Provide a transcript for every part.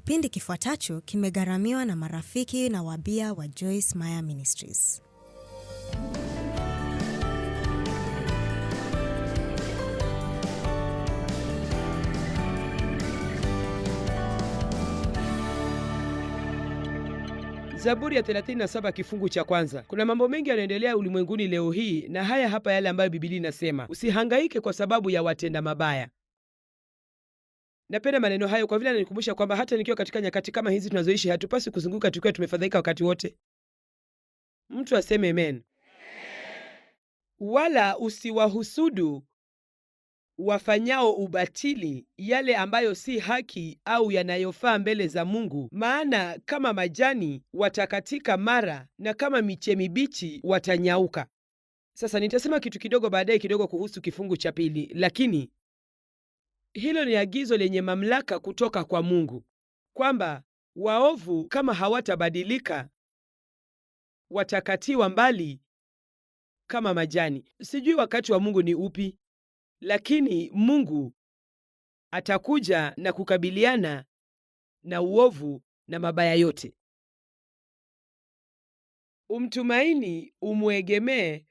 Kipindi kifuatacho kimegharamiwa na marafiki na wabia wa Joyce Meyer Ministries. Zaburi ya 37 kifungu cha kwanza. Kuna mambo mengi yanaendelea ulimwenguni leo hii, na haya hapa yale ambayo Biblia inasema: usihangaike kwa sababu ya watenda mabaya. Napenda maneno hayo kwa vile ananikumbusha kwamba hata nikiwa katika nyakati kama hizi tunazoishi, hatupasi kuzunguka tukiwa tumefadhaika wakati wote. Mtu aseme amen. Wala usiwahusudu wafanyao ubatili yale ambayo si haki au yanayofaa mbele za Mungu, maana kama majani watakatika mara, na kama miche mibichi watanyauka. Sasa nitasema kitu kidogo baadaye kidogo kuhusu kifungu cha pili, lakini hilo ni agizo lenye mamlaka kutoka kwa Mungu kwamba waovu kama hawatabadilika watakatiwa mbali kama majani. Sijui wakati wa Mungu ni upi, lakini Mungu atakuja na kukabiliana na uovu na mabaya yote. Umtumaini, umwegemee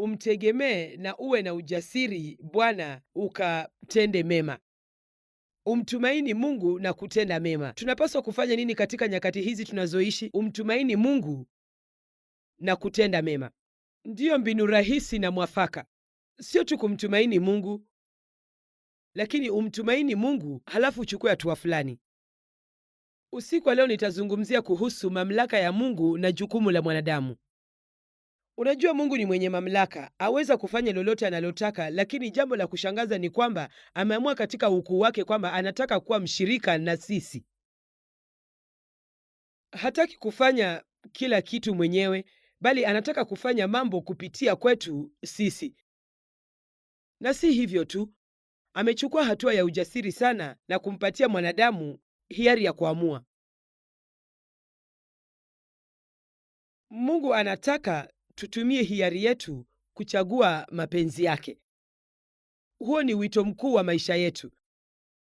umtegemee na uwe na ujasiri Bwana ukatende mema umtumaini Mungu na kutenda mema. Tunapaswa kufanya nini katika nyakati hizi tunazoishi? Umtumaini Mungu na kutenda mema ndiyo mbinu rahisi na mwafaka. Sio tu kumtumaini Mungu, lakini umtumaini Mungu halafu uchukue hatua fulani. Usiku wa leo nitazungumzia kuhusu mamlaka ya Mungu na jukumu la mwanadamu. Unajua, Mungu ni mwenye mamlaka, aweza kufanya lolote analotaka, lakini jambo la kushangaza ni kwamba ameamua katika ukuu wake kwamba anataka kuwa mshirika na sisi. Hataki kufanya kila kitu mwenyewe, bali anataka kufanya mambo kupitia kwetu sisi. Na si hivyo tu, amechukua hatua ya ujasiri sana na kumpatia mwanadamu hiari ya kuamua. Mungu anataka tutumie hiari yetu kuchagua mapenzi yake. Huo ni wito mkuu wa maisha yetu.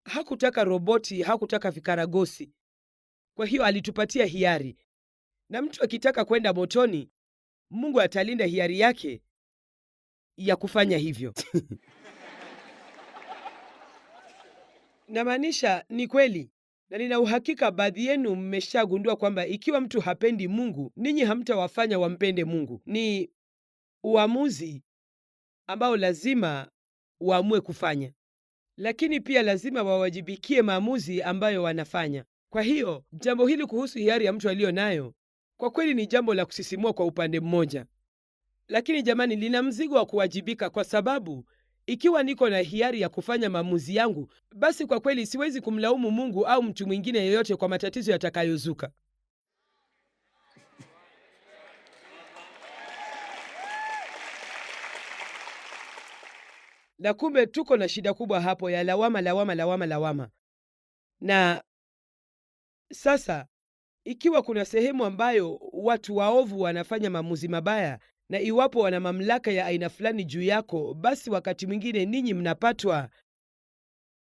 Hakutaka roboti, hakutaka vikaragosi. Kwa hiyo alitupatia hiari, na mtu akitaka kwenda motoni, Mungu atalinda hiari yake ya kufanya hivyo. Namaanisha ni kweli na nina uhakika baadhi yenu mmeshagundua kwamba ikiwa mtu hapendi Mungu, ninyi hamtawafanya wampende Mungu. Ni uamuzi ambao lazima waamue kufanya, lakini pia lazima wawajibikie maamuzi ambayo wanafanya. Kwa hiyo jambo hili kuhusu hiari ya mtu aliyo nayo kwa kweli ni jambo la kusisimua kwa upande mmoja, lakini jamani, lina mzigo wa kuwajibika kwa sababu ikiwa niko na hiari ya kufanya maamuzi yangu, basi kwa kweli siwezi kumlaumu Mungu au mtu mwingine yeyote kwa matatizo yatakayozuka. Na kumbe tuko na shida kubwa hapo ya lawama, lawama, lawama, lawama. Na sasa, ikiwa kuna sehemu ambayo watu waovu wanafanya maamuzi mabaya na iwapo wana mamlaka ya aina fulani juu yako, basi wakati mwingine ninyi mnapatwa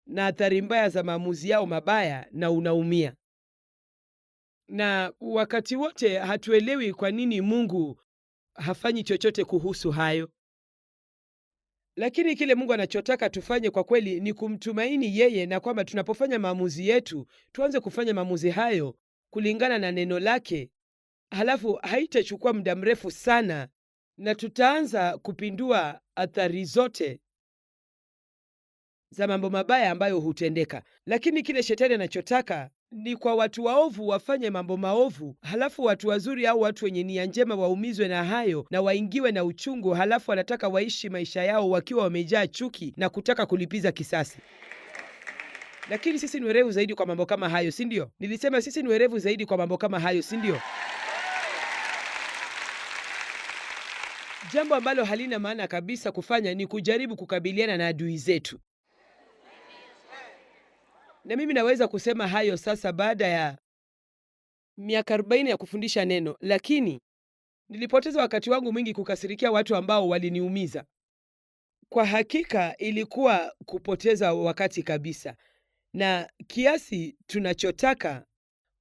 na athari mbaya za maamuzi yao mabaya na unaumia. Na wakati wote hatuelewi kwa nini Mungu hafanyi chochote kuhusu hayo. Lakini kile Mungu anachotaka tufanye kwa kweli ni kumtumaini yeye, na kwamba tunapofanya maamuzi yetu tuanze kufanya maamuzi hayo kulingana na neno lake. Halafu haitachukua muda mrefu sana na tutaanza kupindua athari zote za mambo mabaya ambayo hutendeka. Lakini kile shetani anachotaka ni kwa watu waovu wafanye mambo maovu, halafu watu wazuri au watu wenye nia njema waumizwe na hayo na waingiwe na uchungu, halafu wanataka waishi maisha yao wakiwa wamejaa chuki na kutaka kulipiza kisasi. Lakini sisi ni werevu zaidi kwa mambo kama hayo, si ndio? Nilisema sisi ni werevu zaidi kwa mambo kama hayo, si ndio? Jambo ambalo halina maana kabisa kufanya ni kujaribu kukabiliana na adui zetu, na mimi naweza kusema hayo sasa baada ya miaka 40 ya kufundisha neno, lakini nilipoteza wakati wangu mwingi kukasirikia watu ambao waliniumiza. Kwa hakika ilikuwa kupoteza wakati kabisa, na kiasi tunachotaka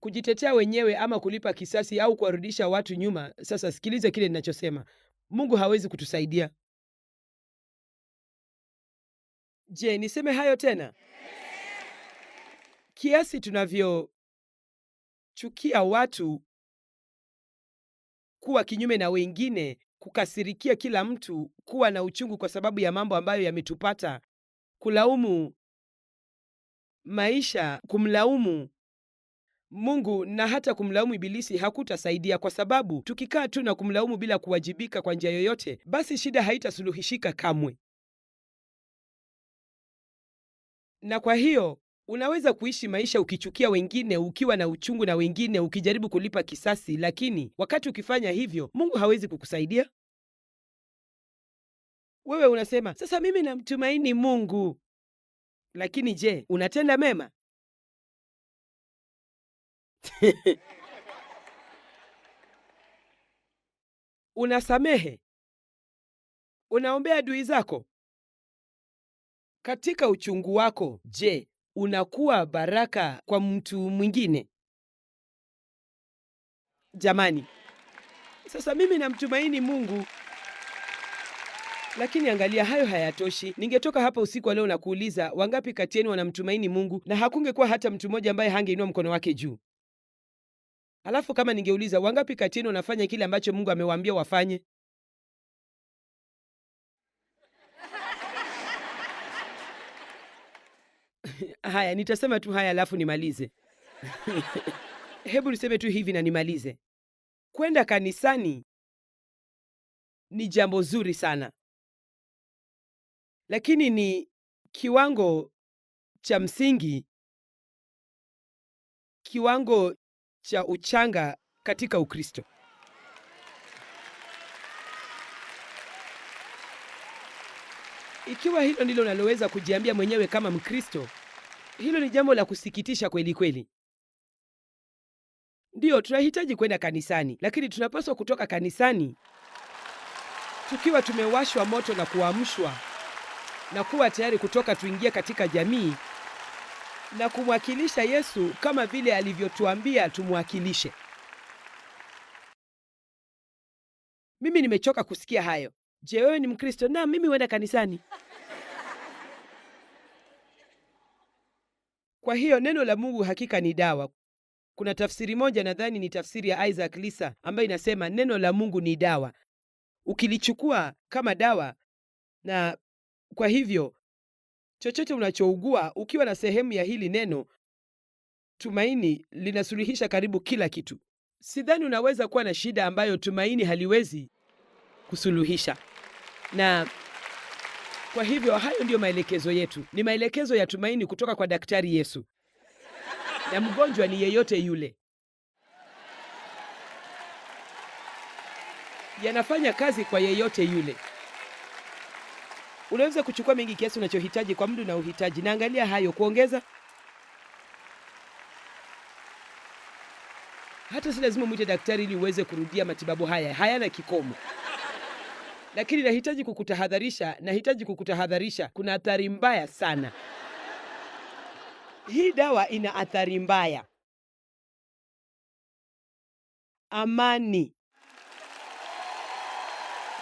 kujitetea wenyewe ama kulipa kisasi au kuwarudisha watu nyuma. Sasa sikilize kile ninachosema. Mungu hawezi kutusaidia. Je, niseme hayo tena? Kiasi tunavyochukia watu kuwa kinyume na wengine, kukasirikia kila mtu, kuwa na uchungu kwa sababu ya mambo ambayo yametupata, kulaumu maisha, kumlaumu Mungu na hata kumlaumu Ibilisi hakutasaidia, kwa sababu tukikaa tu na kumlaumu bila kuwajibika kwa njia yoyote, basi shida haitasuluhishika kamwe. Na kwa hiyo unaweza kuishi maisha ukichukia wengine, ukiwa na uchungu na wengine, ukijaribu kulipa kisasi, lakini wakati ukifanya hivyo, Mungu hawezi kukusaidia. Wewe unasema sasa, mimi namtumaini Mungu, lakini je, unatenda mema? Unasamehe, unaombea dui zako katika uchungu wako. Je, unakuwa baraka kwa mtu mwingine? Jamani, sasa mimi namtumaini Mungu, lakini angalia, hayo hayatoshi. Ningetoka hapa usiku wa leo na kuuliza wangapi kati yenu wanamtumaini Mungu, na hakungekuwa hata mtu mmoja ambaye hangeinua mkono wake juu. Alafu kama ningeuliza wangapi kati yenu wanafanya kile ambacho Mungu amewaambia wafanye? Haya, nitasema tu haya alafu nimalize. Hebu niseme tu hivi na nimalize. Kwenda kanisani ni jambo zuri sana, lakini ni kiwango cha msingi, kiwango cha uchanga katika Ukristo. Ikiwa hilo ndilo unaloweza kujiambia mwenyewe kama Mkristo, hilo ni jambo la kusikitisha kweli kweli. Ndiyo, tunahitaji kwenda kanisani, lakini tunapaswa kutoka kanisani tukiwa tumewashwa moto na kuamshwa na kuwa tayari kutoka tuingie katika jamii na kumwakilisha Yesu kama vile alivyotuambia tumwakilishe. Mimi nimechoka kusikia hayo. Je, wewe ni Mkristo? Na mimi huenda kanisani. Kwa hiyo neno la Mungu hakika ni dawa. Kuna tafsiri moja, nadhani ni tafsiri ya Isaac Lisa, ambayo inasema neno la Mungu ni dawa, ukilichukua kama dawa. Na kwa hivyo Chochote unachougua ukiwa na sehemu ya hili neno tumaini, linasuluhisha karibu kila kitu. Sidhani unaweza kuwa na shida ambayo tumaini haliwezi kusuluhisha, na kwa hivyo hayo ndiyo maelekezo yetu. Ni maelekezo ya tumaini kutoka kwa Daktari Yesu, na mgonjwa ni yeyote yule. Yanafanya kazi kwa yeyote yule unaweza kuchukua mengi kiasi unachohitaji kwa mdu na uhitaji naangalia hayo kuongeza, hata si lazima mwite daktari ili uweze kurudia matibabu haya, hayana kikomo. Lakini nahitaji kukutahadharisha, nahitaji kukutahadharisha, kuna athari mbaya sana. Hii dawa ina athari mbaya. Amani,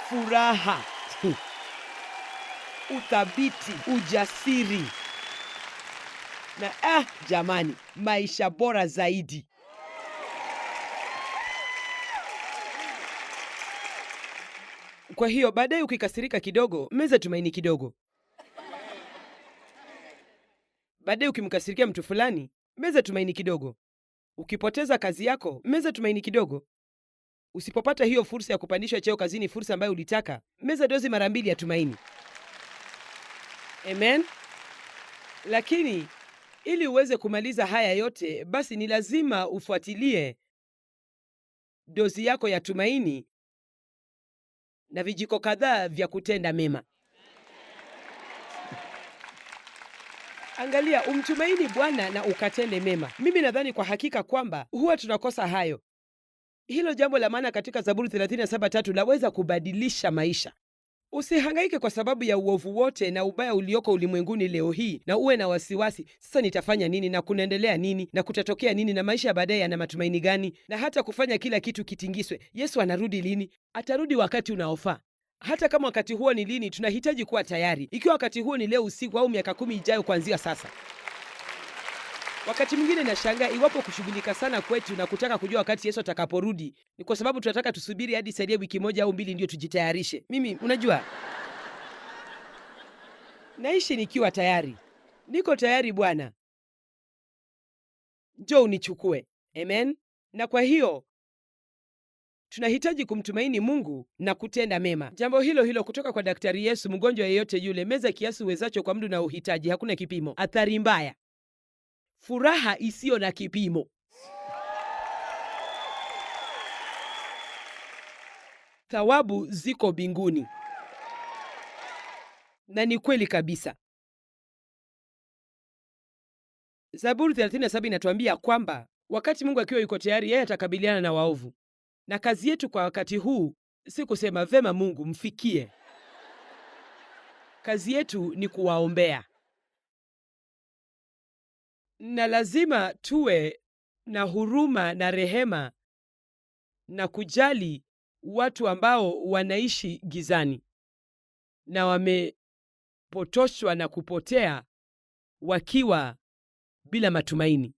furaha uthabiti, ujasiri na eh, jamani, maisha bora zaidi. Kwa hiyo baadaye ukikasirika kidogo, meza tumaini kidogo. Baadaye ukimkasirikia mtu fulani, meza tumaini kidogo. Ukipoteza kazi yako, meza tumaini kidogo. Usipopata hiyo fursa ya kupandishwa cheo kazini, fursa ambayo ulitaka, meza dozi mara mbili ya tumaini. Amen. Lakini ili uweze kumaliza haya yote, basi ni lazima ufuatilie dozi yako ya tumaini na vijiko kadhaa vya kutenda mema. Angalia, umtumaini Bwana na ukatende mema. Mimi nadhani kwa hakika kwamba huwa tunakosa hayo. Hilo jambo la maana katika Zaburi 37:3 laweza kubadilisha maisha. Usihangaike kwa sababu ya uovu wote na ubaya ulioko ulimwenguni leo hii, na uwe na wasiwasi, sasa nitafanya nini na kunaendelea nini na kutatokea nini na maisha ya baadaye yana matumaini gani, na hata kufanya kila kitu kitingiswe. Yesu anarudi lini? Atarudi wakati unaofaa. Hata kama wakati huo ni lini, tunahitaji kuwa tayari, ikiwa wakati huo ni leo usiku au miaka kumi ijayo kuanzia sasa. Wakati mwingine nashangaa iwapo kushughulika sana kwetu na kutaka kujua wakati Yesu atakaporudi ni kwa sababu tunataka tusubiri hadi salia wiki moja au mbili ndio tujitayarishe. Mimi unajua, naishi nikiwa tayari. Niko tayari Bwana, njoo unichukue. Amen. Na kwa hiyo tunahitaji kumtumaini Mungu na kutenda mema. Jambo hilo hilo kutoka kwa Daktari Yesu, mgonjwa yeyote yule, meza kiasi uwezacho kwa mdu na uhitaji, hakuna kipimo. Athari mbaya furaha isiyo na kipimo. Thawabu ziko mbinguni, na ni kweli kabisa. Zaburi 37 inatuambia kwamba wakati Mungu akiwa yuko tayari, yeye atakabiliana na waovu, na kazi yetu kwa wakati huu si kusema vema Mungu mfikie. Kazi yetu ni kuwaombea na lazima tuwe na huruma na rehema na kujali watu ambao wanaishi gizani na wamepotoshwa na kupotea wakiwa bila matumaini.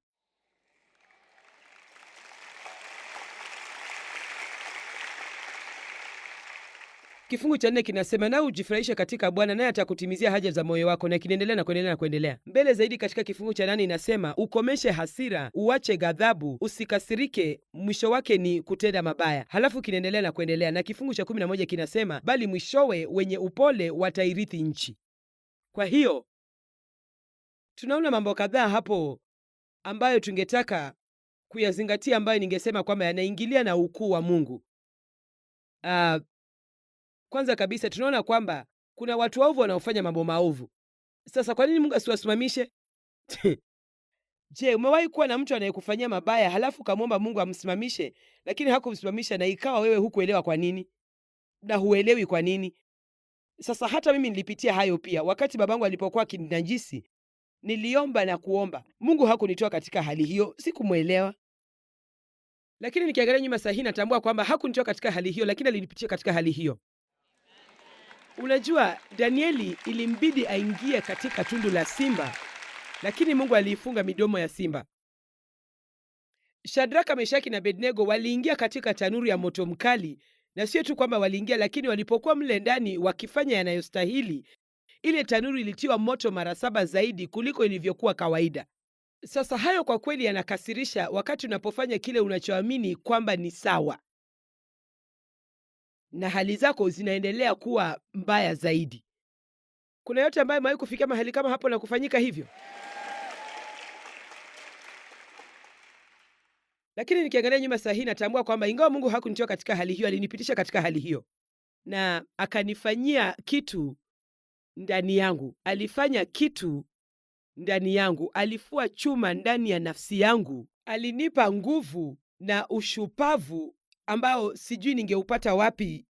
Kifungu cha nne kinasema na ujifurahishe katika Bwana naye atakutimizia haja za moyo wako, na kinaendelea na kuendelea na kuendelea mbele zaidi. Katika kifungu cha nane inasema ukomeshe hasira, uache ghadhabu, usikasirike, mwisho wake ni kutenda mabaya. Halafu kinaendelea na kuendelea, na kifungu cha kumi na moja kinasema bali mwishowe wenye upole watairithi nchi. Kwa hiyo tunaona mambo kadhaa hapo ambayo tungetaka kuyazingatia, ambayo ningesema kwamba yanaingilia na ukuu wa Mungu. Uh, kwanza kabisa tunaona kwamba kuna watu waovu wanaofanya mambo maovu. Sasa kwa nini Mungu asiwasimamishe? Je, umewahi kuwa na mtu anayekufanyia mabaya halafu ukamwomba Mungu amsimamishe, lakini hakumsimamisha na ikawa wewe hukuelewa kwa nini na huelewi kwa nini? Sasa hata mimi nilipitia hayo pia. Wakati babangu alipokuwa akininajisi, niliomba na kuomba, Mungu hakunitoa katika hali hiyo, sikumwelewa. Lakini nikiangalia nyuma sahihi, natambua kwamba hakunitoa katika hali hiyo, lakini alinipitia katika hali hiyo. Unajua, Danieli ilimbidi aingie katika tundu la simba, lakini Mungu aliifunga midomo ya simba. Shadraka, Meshaki na Abednego waliingia katika tanuru ya moto mkali, na sio tu kwamba waliingia, lakini walipokuwa mle ndani wakifanya yanayostahili, ile tanuru ilitiwa moto mara saba zaidi kuliko ilivyokuwa kawaida. Sasa hayo kwa kweli yanakasirisha, wakati unapofanya kile unachoamini kwamba ni sawa na hali zako zinaendelea kuwa mbaya zaidi. Kuna yote ambayo imewahi kufikia mahali kama hapo na kufanyika hivyo. Lakini nikiangalia nyuma saa hii natambua kwamba ingawa Mungu hakunitoa katika hali hiyo, alinipitisha katika hali hiyo na akanifanyia kitu ndani yangu, alifanya kitu ndani yangu, alifua chuma ndani ya nafsi yangu, alinipa nguvu na ushupavu ambao sijui ningeupata wapi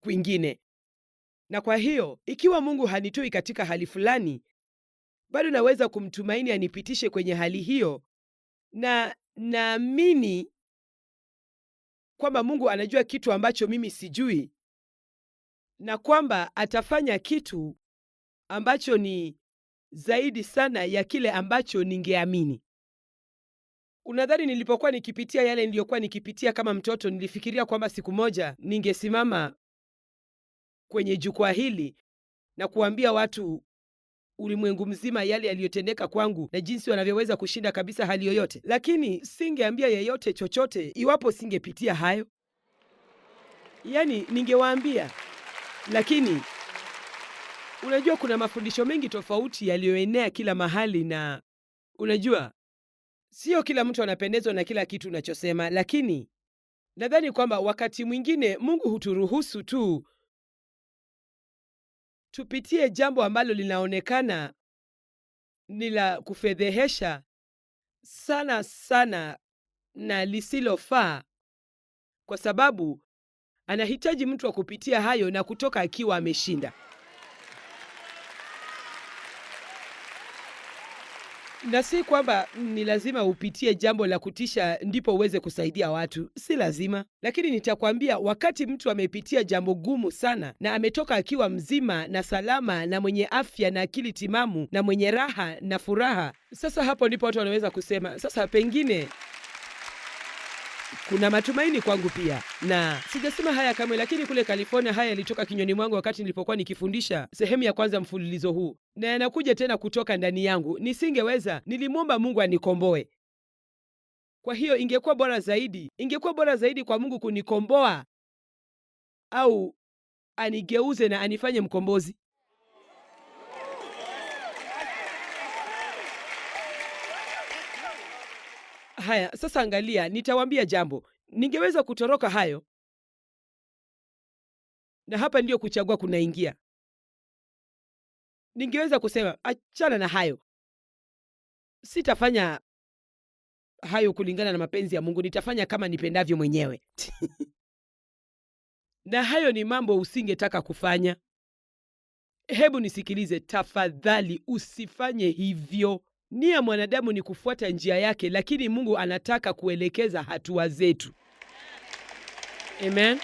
kwingine. Na kwa hiyo ikiwa Mungu hanitoi katika hali fulani, bado naweza kumtumaini anipitishe kwenye hali hiyo, na naamini kwamba Mungu anajua kitu ambacho mimi sijui na kwamba atafanya kitu ambacho ni zaidi sana ya kile ambacho ningeamini. Unadhani nilipokuwa nikipitia yale niliyokuwa nikipitia kama mtoto, nilifikiria kwamba siku moja ningesimama kwenye jukwaa hili na kuambia watu ulimwengu mzima yale yaliyotendeka kwangu na jinsi wanavyoweza kushinda kabisa hali yoyote, lakini singeambia yeyote chochote iwapo singepitia hayo. Yani ningewaambia, lakini unajua, kuna mafundisho mengi tofauti yaliyoenea kila mahali, na unajua Sio kila mtu anapendezwa na kila kitu unachosema, lakini nadhani kwamba wakati mwingine Mungu huturuhusu tu tupitie jambo ambalo linaonekana ni la kufedhehesha sana sana na lisilofaa, kwa sababu anahitaji mtu wa kupitia hayo na kutoka akiwa ameshinda. na si kwamba ni lazima upitie jambo la kutisha ndipo uweze kusaidia watu, si lazima. Lakini nitakwambia, wakati mtu amepitia jambo gumu sana na ametoka akiwa mzima na salama na mwenye afya na akili timamu na mwenye raha na furaha, sasa hapo ndipo watu wanaweza kusema sasa, pengine kuna matumaini kwangu pia, na sijasema haya kamwe, lakini kule California haya yalitoka kinywani mwangu wakati nilipokuwa nikifundisha sehemu ya kwanza mfululizo huu, na yanakuja tena kutoka ndani yangu. Nisingeweza, nilimwomba Mungu anikomboe. Kwa hiyo ingekuwa bora zaidi, ingekuwa bora zaidi kwa Mungu kunikomboa au anigeuze na anifanye mkombozi. Haya, sasa angalia, nitawambia jambo. Ningeweza kutoroka hayo, na hapa ndiyo kuchagua kunaingia. Ningeweza kusema achana na hayo, sitafanya hayo kulingana na mapenzi ya Mungu, nitafanya kama nipendavyo mwenyewe na hayo ni mambo usingetaka kufanya. Hebu nisikilize tafadhali, usifanye hivyo. Nia mwanadamu ni kufuata njia yake, lakini Mungu anataka kuelekeza hatua zetu. Amen.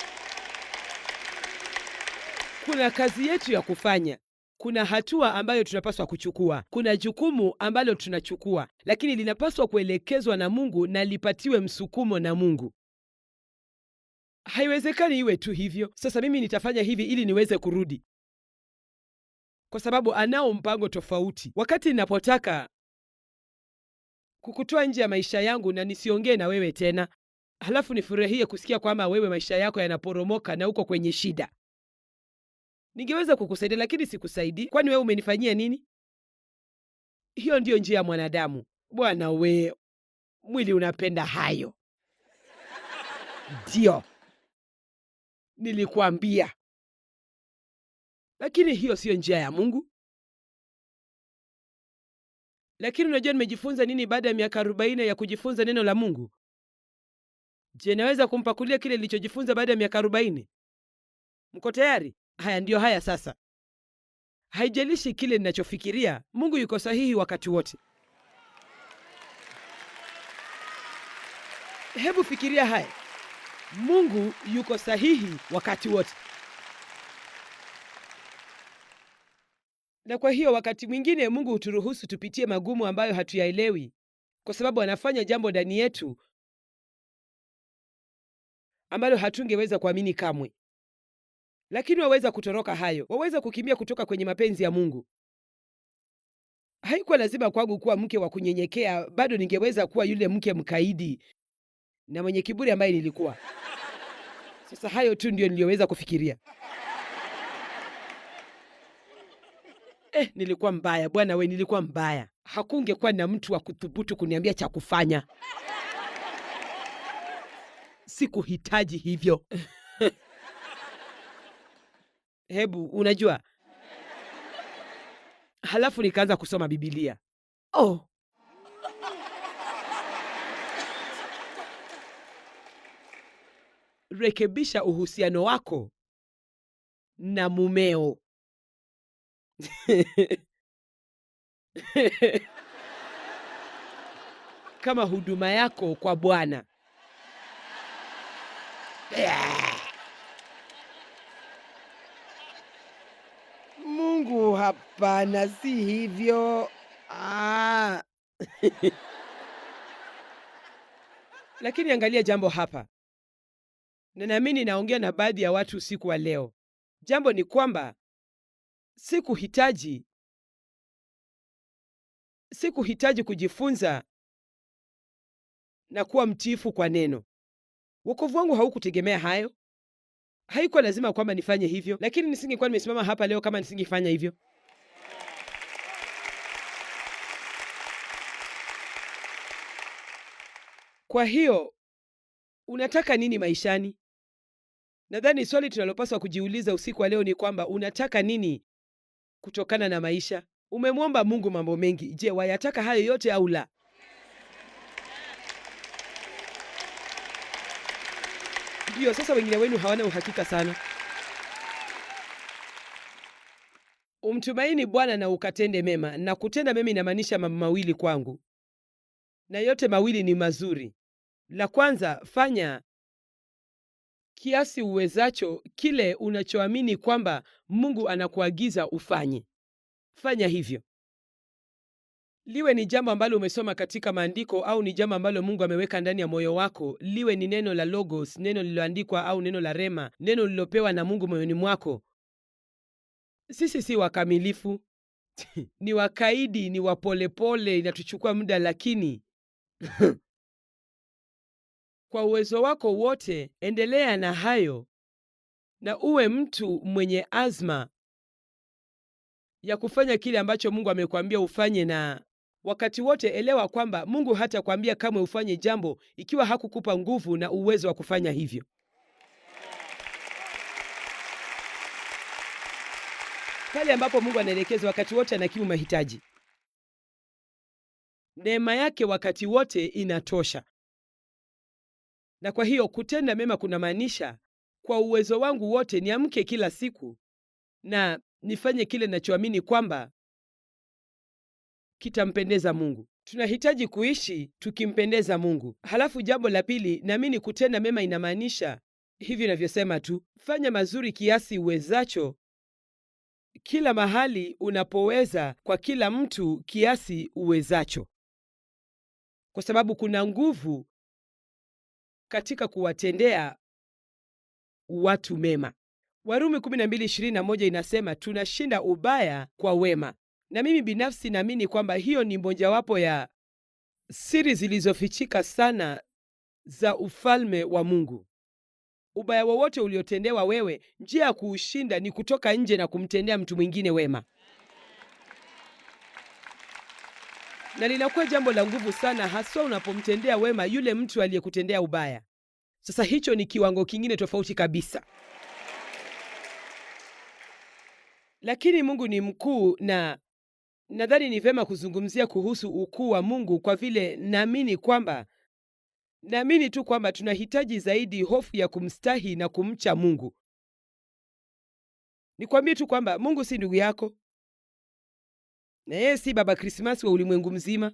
Kuna kazi yetu ya kufanya, kuna hatua ambayo tunapaswa kuchukua, kuna jukumu ambalo tunachukua, lakini linapaswa kuelekezwa na Mungu na lipatiwe msukumo na Mungu. Haiwezekani iwe tu hivyo, sasa mimi nitafanya hivi ili niweze kurudi, kwa sababu anao mpango tofauti. Wakati ninapotaka kukutoa nje ya maisha yangu na nisiongee na wewe tena, halafu nifurahie kusikia kwamba wewe maisha yako yanaporomoka na uko kwenye shida. Ningeweza kukusaidia lakini sikusaidii. Kwani wewe umenifanyia nini? Hiyo ndiyo njia ya mwanadamu bwana. We mwili unapenda hayo. Ndiyo nilikwambia lakini hiyo siyo njia ya Mungu. Lakini unajua nimejifunza nini baada ya miaka arobaini ya kujifunza neno la Mungu? Je, naweza kumpakulia kile nilichojifunza baada ya miaka arobaini? Mko tayari? Haya ndiyo haya sasa. Haijalishi kile ninachofikiria, Mungu yuko sahihi wakati wote. Hebu fikiria haya, Mungu yuko sahihi wakati wote. Na kwa hiyo wakati mwingine Mungu huturuhusu tupitie magumu ambayo hatuyaelewi, kwa sababu anafanya jambo ndani yetu ambalo hatungeweza kuamini kamwe, lakini waweza kutoroka hayo, waweza kukimbia kutoka kwenye mapenzi ya Mungu. Haikuwa lazima kwangu kuwa mke wa kunyenyekea, bado ningeweza kuwa yule mke mkaidi na mwenye kiburi ambaye nilikuwa. Sasa hayo tu ndio niliyoweza kufikiria. eh, nilikuwa mbaya bwana we, nilikuwa mbaya. Hakungekuwa na mtu wa kuthubutu kuniambia cha kufanya. Sikuhitaji hivyo. Hebu unajua, halafu nikaanza kusoma Bibilia. Oh, rekebisha uhusiano wako na mumeo. kama huduma yako kwa Bwana. Mungu, hapana, si hivyo. Ah. Lakini angalia jambo hapa, na naamini naongea na baadhi ya watu usiku wa leo. Jambo ni kwamba Sikuhitaji, sikuhitaji kujifunza na kuwa mtiifu kwa neno. Wokovu wangu haukutegemea hayo. Haikuwa lazima kwamba nifanye hivyo, lakini nisingekuwa nimesimama hapa leo kama nisingefanya hivyo. Kwa hiyo unataka nini maishani? Nadhani swali tunalopaswa kujiuliza usiku wa leo ni kwamba unataka nini kutokana na maisha? Umemwomba Mungu mambo mengi. Je, wayataka hayo yote au la? Ndiyo, sasa wengine wenu hawana uhakika sana. Umtumaini Bwana na ukatende mema, na kutenda mema inamaanisha mambo mawili kwangu, na yote mawili ni mazuri. La kwanza, fanya kiasi uwezacho kile unachoamini kwamba Mungu anakuagiza ufanye. Fanya hivyo, liwe ni jambo ambalo umesoma katika maandiko au ni jambo ambalo Mungu ameweka ndani ya moyo wako, liwe ni neno la logos, neno lililoandikwa au neno la rema, neno lililopewa na Mungu moyoni mwako. Sisi si wakamilifu ni wakaidi, ni wapolepole, inatuchukua muda, lakini Kwa uwezo wako wote endelea na hayo, na uwe mtu mwenye azma ya kufanya kile ambacho Mungu amekwambia ufanye, na wakati wote elewa kwamba Mungu hatakwambia kamwe ufanye jambo ikiwa hakukupa nguvu na uwezo wa kufanya hivyo. Pale ambapo Mungu anaelekeza, wakati wote anakimu mahitaji. Neema yake wakati wote inatosha. Na kwa hiyo kutenda mema kunamaanisha kwa uwezo wangu wote niamke kila siku na nifanye kile ninachoamini kwamba kitampendeza Mungu. Tunahitaji kuishi tukimpendeza Mungu. Halafu jambo la pili, naamini kutenda mema inamaanisha hivi inavyosema tu, fanya mazuri kiasi uwezacho kila mahali unapoweza, kwa kila mtu kiasi uwezacho, kwa sababu kuna nguvu katika kuwatendea watu mema. Warumi 12:21 inasema tunashinda ubaya kwa wema, na mimi binafsi naamini kwamba hiyo ni mojawapo ya siri zilizofichika sana za ufalme wa Mungu. Ubaya wowote uliotendewa wewe, njia ya kuushinda ni kutoka nje na kumtendea mtu mwingine wema. na linakuwa jambo la nguvu sana, haswa unapomtendea wema yule mtu aliyekutendea ubaya. Sasa hicho ni kiwango kingine tofauti kabisa. Lakini Mungu ni mkuu, na nadhani ni vema kuzungumzia kuhusu ukuu wa Mungu kwa vile naamini kwamba naamini tu kwamba tunahitaji zaidi hofu ya kumstahi na kumcha Mungu. Nikwambie tu kwamba Mungu si ndugu yako, na yeye si Baba Krismasi wa ulimwengu mzima.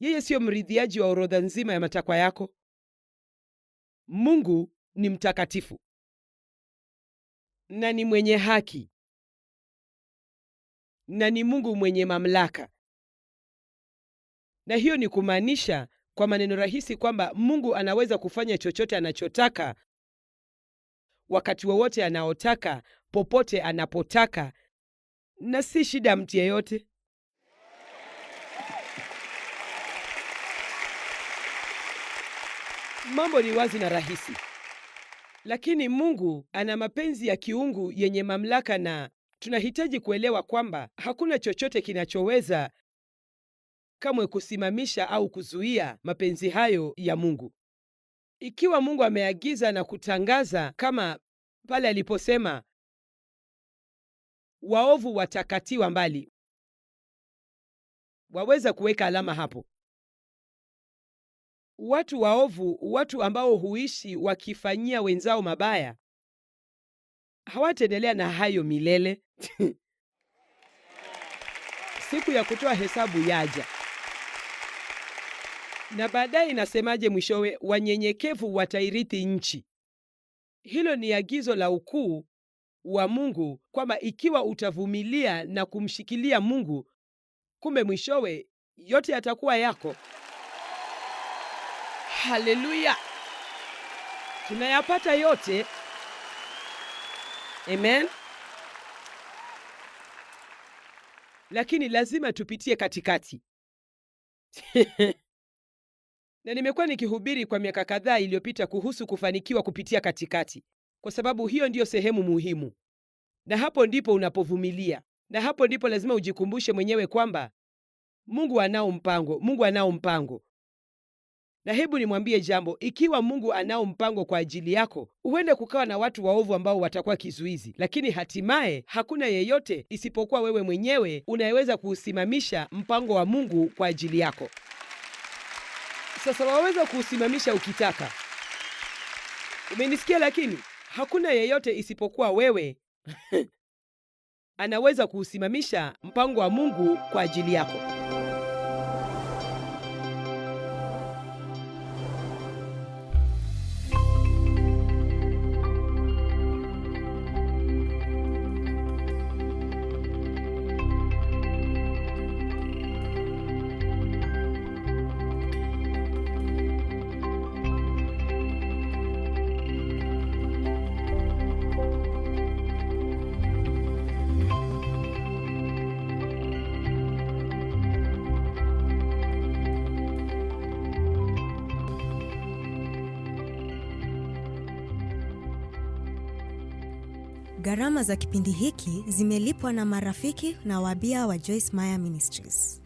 Yeye siyo mridhiaji wa orodha nzima ya matakwa yako. Mungu ni mtakatifu na ni mwenye haki na ni Mungu mwenye mamlaka, na hiyo ni kumaanisha kwa maneno rahisi kwamba Mungu anaweza kufanya chochote anachotaka wakati wowote anaotaka popote anapotaka, na si shida ya mtu yeyote. Mambo ni wazi na rahisi, lakini Mungu ana mapenzi ya kiungu yenye mamlaka, na tunahitaji kuelewa kwamba hakuna chochote kinachoweza kamwe kusimamisha au kuzuia mapenzi hayo ya Mungu. Ikiwa Mungu ameagiza na kutangaza, kama pale aliposema, waovu watakatiwa mbali. Waweza kuweka alama hapo. Watu waovu, watu ambao huishi wakifanyia wenzao mabaya, hawataendelea na hayo milele. Siku ya kutoa hesabu yaja. Na baadaye inasemaje mwishowe? Wanyenyekevu watairithi nchi. Hilo ni agizo la ukuu wa Mungu kwamba ikiwa utavumilia na kumshikilia Mungu, kumbe mwishowe yote yatakuwa yako. Haleluya, tunayapata yote. Amen. Lakini lazima tupitie katikati na nimekuwa nikihubiri kwa miaka kadhaa iliyopita kuhusu kufanikiwa kupitia katikati kwa sababu hiyo ndiyo sehemu muhimu, na hapo ndipo unapovumilia, na hapo ndipo lazima ujikumbushe mwenyewe kwamba Mungu anao mpango, Mungu anao mpango. Na hebu nimwambie jambo, ikiwa Mungu anao mpango kwa ajili yako, huenda kukawa na watu waovu ambao watakuwa kizuizi, lakini hatimaye hakuna yeyote isipokuwa wewe mwenyewe unayeweza kuusimamisha mpango wa Mungu kwa ajili yako. Sasa waweza kuusimamisha ukitaka. Umenisikia lakini hakuna yeyote isipokuwa wewe anaweza kuusimamisha mpango wa Mungu kwa ajili yako. za kipindi hiki zimelipwa na marafiki na wabia wa Joyce Meyer Ministries.